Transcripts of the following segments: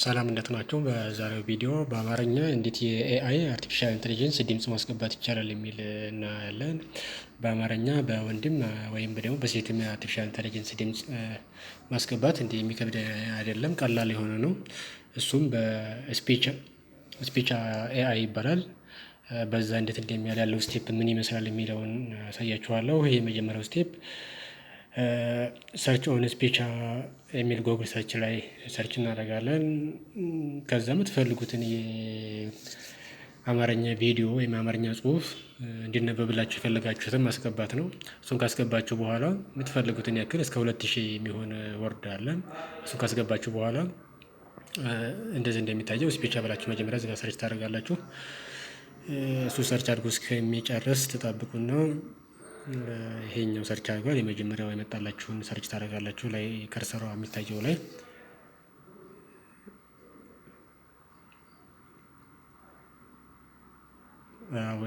ሰላም እንደት ናችሁ? በዛሬው ቪዲዮ በአማርኛ እንዴት የኤአይ አርቲፊሻል ኢንቴሊጀንስ ድምፅ ማስገባት ይቻላል የሚል እናያለን። በአማርኛ በወንድም ወይም ደግሞ በሴትም አርቲፊሻል ኢንቴሊጀንስ ድምፅ ማስገባት እንዲህ የሚከብድ አይደለም፣ ቀላል የሆነ ነው። እሱም በስፒች ኤአይ ይባላል። በዛ እንዴት እንደሚያል ያለው ስቴፕ ምን ይመስላል የሚለውን አሳያችኋለሁ ይህ የመጀመሪያው ስቴፕ ሰርች ኦን ስፒች የሚል ጎግል ሰርች ላይ ሰርች እናደርጋለን። ከዛ የምትፈልጉትን የአማርኛ ቪዲዮ ወይም አማርኛ ጽሁፍ እንዲነበብላችሁ የፈለጋችሁትን ማስገባት ነው። እሱን ካስገባችሁ በኋላ የምትፈልጉትን ያክል እስከ ሁለት ሺህ የሚሆን ወርድ አለን። እሱን ካስገባችሁ በኋላ እንደዚህ እንደሚታየው ስፒች ብላችሁ መጀመሪያ ዚጋ ሰርች ታደርጋላችሁ። እሱ ሰርች አድርጎ እስከሚጨርስ ተጠብቁና ይሄኛው ሰርች አድርጓል። የመጀመሪያው የመጣላችሁን ሰርች ታደርጋላችሁ ላይ ከርሰሯ የሚታየው ላይ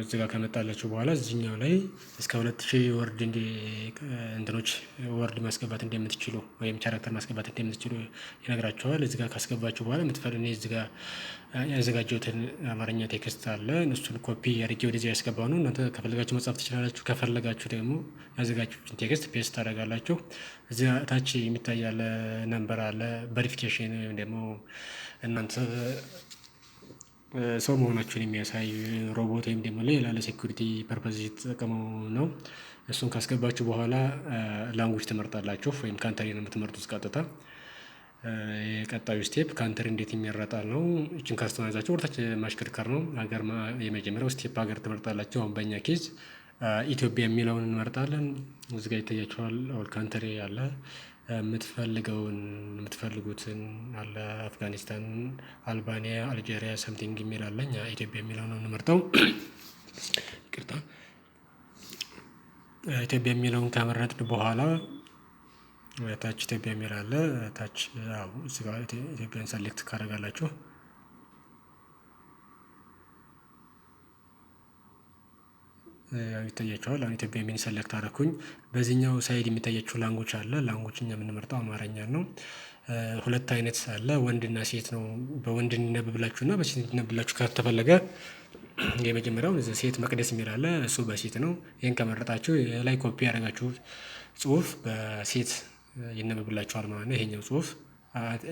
እዚህ ጋር ከመጣለችው በኋላ እዚህኛው ላይ እስከ ሁለት ወርድ እንትኖች ወርድ ማስገባት እንደምትችሉ ወይም ቻራክተር ማስገባት እንደምትችሉ ይነግራቸዋል። እዚህ ጋር ካስገባችሁ በኋላ የምትፈል እኔ እዚህ ጋር ያዘጋጀሁትን አማርኛ ቴክስት አለ እሱን ኮፒ አድርጌ ወደዚህ ያስገባው ነው። እናንተ ከፈለጋችሁ መጻፍ ትችላላችሁ። ከፈለጋችሁ ደግሞ ያዘጋጀሁትን ቴክስት ፔስት ታደርጋላችሁ። እዚህ ታች የሚታያለ ነንበር አለ ቨሪፊኬሽን ወይም ደግሞ እናንተ ሰው መሆናቸውን የሚያሳይ ሮቦት ወይም ደግሞ ሌላ ለሴኩሪቲ ፐርፐዝ የተጠቀመው ነው። እሱን ካስገባችሁ በኋላ ላንጉጅ ትመርጣላችሁ ወይም ካንተሪ ነው የምትመርጡት ቀጥታ። የቀጣዩ ስቴፕ ካንተሪ እንዴት የሚያረጣል ነው። እችን ካስተናዛችሁ ወደታች ማሽከርከር ነው። ሀገር የመጀመሪያው ስቴፕ ሀገር ትመርጣላችሁ። አሁን በእኛ ኬዝ ኢትዮጵያ የሚለውን እንመርጣለን። እዚጋ ይታያችኋል። ኦል ካንተሪ አለ የምትፈልገውን የምትፈልጉትን አለ አፍጋኒስታን፣ አልባኒያ፣ አልጄሪያ ሰምቲንግ የሚል አለ። እኛ ኢትዮጵያ የሚለው ነው እንመርጠው። ይቅርታ ኢትዮጵያ የሚለውን ከመረጥን በኋላ ታች ኢትዮጵያ የሚል አለ። ታች ኢትዮጵያን ሰሌክት ካደረጋላችሁ ይታያቸዋል። አሁን ኢትዮጵያ የሚን ሰለክት አረኩኝ። በዚህኛው ሳይድ የሚታያቸው ላንጎች አለ። ላንጎችን የምንመርጠው አማርኛ ነው። ሁለት አይነት አለ፣ ወንድና ሴት ነው። በወንድ እንዲነብብላችሁ እና በሴት እንዲነብብላችሁ ከተፈለገ የመጀመሪያው ሴት መቅደስ የሚል አለ። እሱ በሴት ነው። ይህን ከመረጣችሁ ላይ ኮፒ ያደረጋችሁ ጽሁፍ በሴት ይነበብላችኋል ማለት ነው። ይሄኛው ጽሁፍ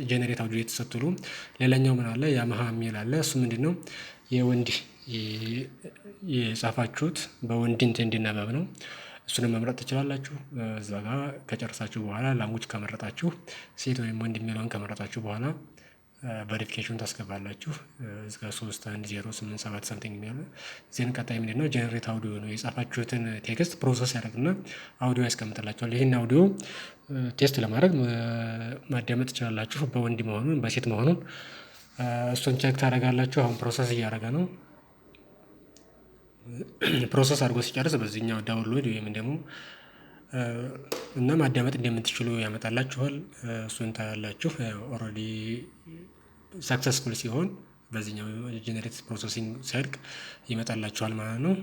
ጀኔሬት አውዲዮ የተሰትሉ ሌላኛው ምን አለ? ያመሃ የሚል አለ። እሱ ምንድን ነው የወንድ የጻፋችሁት በወንድ ኢንቴንድ ነበብ ነው። እሱንም መምረጥ ትችላላችሁ። እዛ ጋር ከጨረሳችሁ በኋላ ላንጉጅ ከመረጣችሁ ሴት ወይም ወንድ የሚለውን ከመረጣችሁ በኋላ ቨሪፊኬሽን ታስገባላችሁ። እዚ ጋር ሶስት አንድ ዜሮ ስምንት ሰባት ሰምቲንግ የሚያለ ዜን ቀጣይ ምንድን ነው ጀነሬት አውዲዮ ነው። የጻፋችሁትን ቴክስት ፕሮሰስ ያደርግና አውዲዮ ያስቀምጥላችኋል። ይህን አውዲዮ ቴስት ለማድረግ ማዳመጥ ትችላላችሁ። በወንድ መሆኑን በሴት መሆኑን እሱን ቼክ ታደርጋላችሁ። አሁን ፕሮሰስ እያደረገ ነው። ፕሮሰስ አድርጎ ሲጨርስ በዚህኛው ዳውንሎድ ወይም ደግሞ እና ማዳመጥ እንደምትችሉ ያመጣላችኋል። እሱን ታያላችሁ። ኦልሬዲ ሰክሰስፉል ሲሆን በዚህኛው ጀነሬት ፕሮሰሲንግ ሲያድቅ ይመጣላችኋል ማለት ነው።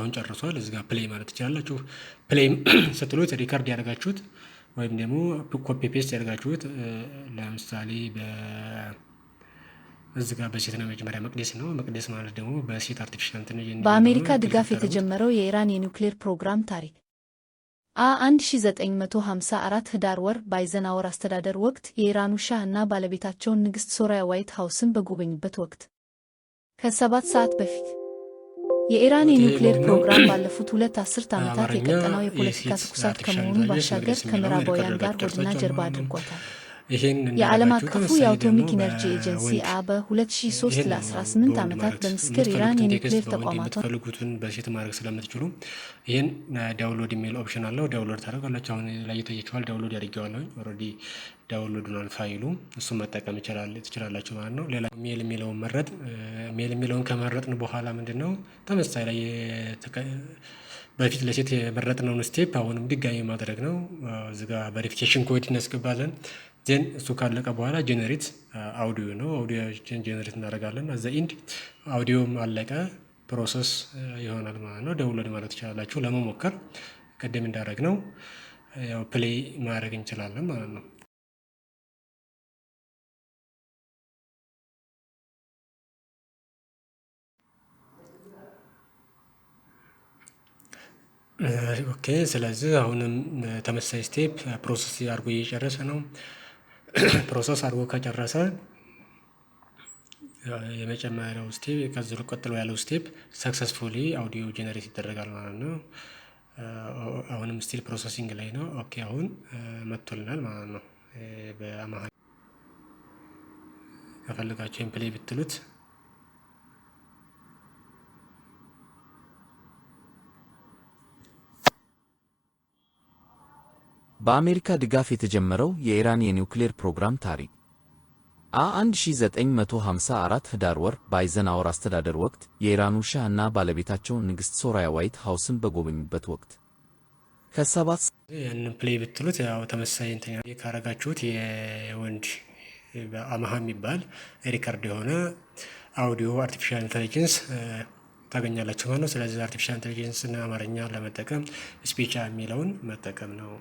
አሁን ጨርሷል። እዚህ ጋር ፕሌይ ማለት ትችላላችሁ። ፕሌይ ስትሉት ሪከርድ ያደርጋችሁት ወይም ደግሞ ኮፒ ፔስት ያደርጋችሁት ለምሳሌ በ እዚ ጋር በሴት ነው መጀመሪያ መቅደስ ነው። መቅደስ ማለት ደግሞ በሴት አርቲፊሻል እንትን በአሜሪካ ድጋፍ የተጀመረው የኢራን የኒውክሌር ፕሮግራም ታሪክ አ 1954 ህዳር ወር በአይዘናወር አስተዳደር ወቅት የኢራኑ ሻህ እና ባለቤታቸውን ንግሥት ሶሪያ ዋይት ሃውስን በጎበኙበት ወቅት ከሰባት ሰዓት በፊት የኢራን የኒውክሌር ፕሮግራም ባለፉት ሁለት አስርት ዓመታት የቀጠናው የፖለቲካ ትኩሳት ከመሆኑ ባሻገር ከምዕራባውያን ጋር ወድና ጀርባ አድርጓታል። የዓለም አቀፉ የአቶሚክ ኢነርጂ ኤጀንሲ አ በ2003 ለ18 ዓመታት በምስክር ኢራን የኒክሌር ተቋማቷ ፈልጉትን በሴት ማድረግ ስለምትችሉ ይህን ዳውንሎድ የሚል ኦፕሽን አለው። ዳውንሎድ ታደርጋላችሁ። አሁን ላይ እየታያችኋል። ዳውንሎድ ያደርገዋለሁ። ኦልሬዲ ዳውንሎዱናል ፋይሉ፣ እሱን መጠቀም ትችላላችሁ ማለት ነው። ሌላ ሜል የሚለውን መረጥ። ሜል የሚለውን ከመረጥን በኋላ ምንድን ነው ተመሳሳይ ላይ በፊት ለሴት የመረጥነውን ስቴፕ አሁንም ድጋሚ ማድረግ ነው። እዚህ ጋ ኮድ እናስገባለን። ዜን እሱ ካለቀ በኋላ ጀነሬት አውዲዮ ነው። አውዲዮ ጀነሬት እናደርጋለን። አዘ ኢንድ አውዲዮም አለቀ ፕሮሰስ ይሆናል ማለት ነው። ደውሎድ ማለት ይችላላችሁ ለመሞከር ቅድም እንዳደረግ ነው ያው ፕሌይ ማድረግ እንችላለን ማለት ነው። ኦኬ ስለዚህ አሁንም ተመሳሳይ ስቴፕ ፕሮሰስ አድርጎ እየጨረሰ ነው። ፕሮሰስ አድርጎ ከጨረሰ የመጨመሪያው ስቴፕ ከዚህ ቀጥሎ ያለው ስቴፕ ሰክሰስፉሊ አውዲዮ ጀነሬት ይደረጋል ማለት ነው። አሁንም ስቲል ፕሮሰሲንግ ላይ ነው። ኦኬ አሁን መጥቶልናል ማለት ነው። በአማርኛ ከፈለጋችሁ ፕሌይ ብትሉት በአሜሪካ ድጋፍ የተጀመረው የኢራን የኒውክሌር ፕሮግራም ታሪክ አ1954 ህዳር ወር በአይዘናወር አስተዳደር ወቅት የኢራኑ ሻህ እና ባለቤታቸው ንግሥት ሶራያ ዋይት ሀውስን በጎበኙበት ወቅት ከሰባት ያንን ፕሌይ ብትሉት ያው ተመሳሳይ ካረጋችሁት የወንድ በአማሃ የሚባል ሪከርድ የሆነ አውዲዮ አርቲፊሻል ኢንቴሊጀንስ ታገኛላችሁ ማለት ነው። ስለዚህ አርቲፊሻል ኢንቴሊጀንስ እና አማርኛ ለመጠቀም ስፒቻ የሚለውን መጠቀም ነው።